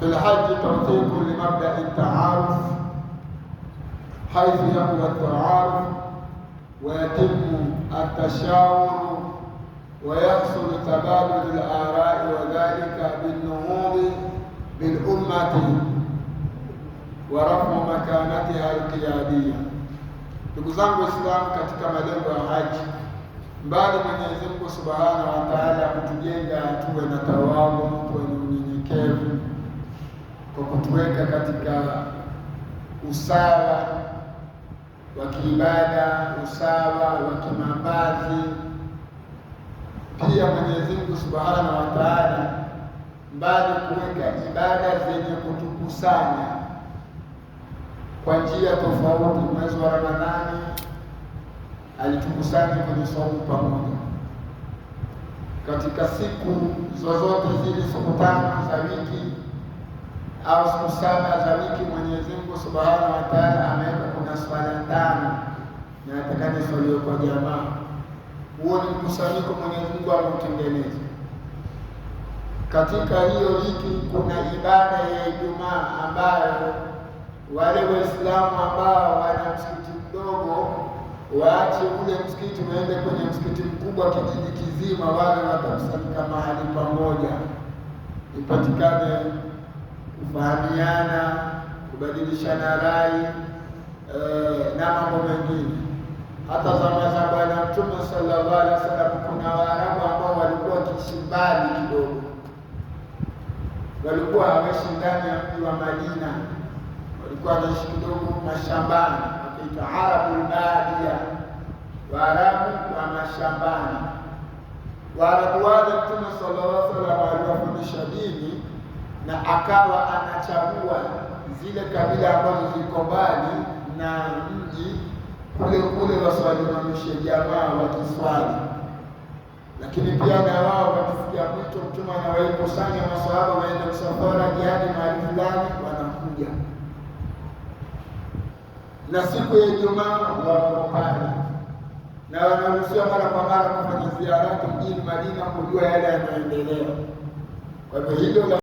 في الحج توثيق لمبدا التعارف حيث يقوى التعارف ويتم التشاور ويحصل تبادل الاراء وذلك بالنهوض بالامه ورفع مكانتها القياديه ndugu zangu waislamu katika malengo ya haji mbali mwenyezi mungu subhanahu wataala kutujenga tuwe na kwa kutuweka katika usawa wa kiibada, usawa wa kimambazi Pia Mwenyezi Mungu Subhanahu wa Ta'ala, mbali kuweka ibada zenye kutukusanya kwa njia tofauti, mwezi wa Ramadhani alitukusanya kwenye somu pamoja katika siku zozote zile siku tano za wiki au siku saba za wiki, Mwenyezi Mungu Subhanahu wa Ta'ala ameweka kuna swala tano, nataka nisalie kwa jamaa. Huo ni mkusanyiko Mwenyezi Mungu ameutengeneza. Katika hiyo wiki kuna ibada ya Ijumaa ambayo wale Waislamu ambao wana msikiti mdogo waache ule msikiti waende kwenye msikiti mkubwa, kijiji kizima, wale watakusanyika mahali pamoja, ipatikane kufahamiana, kubadilishana rai e, na mambo mengine. Hata zama za Bwana Mtume sallallahu alaihi wasallam kuna Waarabu ambao walikuwa wakiishi mbali kidogo, walikuwa hawaishi ndani ya mji wa Madina, walikuwa wanaishi kidogo mashambani, wakiitwa Arabul Badia, Waarabu wa mashambani. Waarabu wale Mtume sallallahu alaihi wasallam aliwafundisha na akawa anachagua zile kabila ambazo ziko mbali na mji kule kule, wasiwalimamishe jamaa wakiswali. Lakini pia na wao wakisikia mwito, Mtume anawakusanya masahaba waende msafara jihadi mahali fulani, wanakuja na siku ya Ijumaa waokopani na wanaruhusiwa mara kwa mara kufanya ziara mjini Madina kujua yale yanayoendelea. Kwa hivyo hilo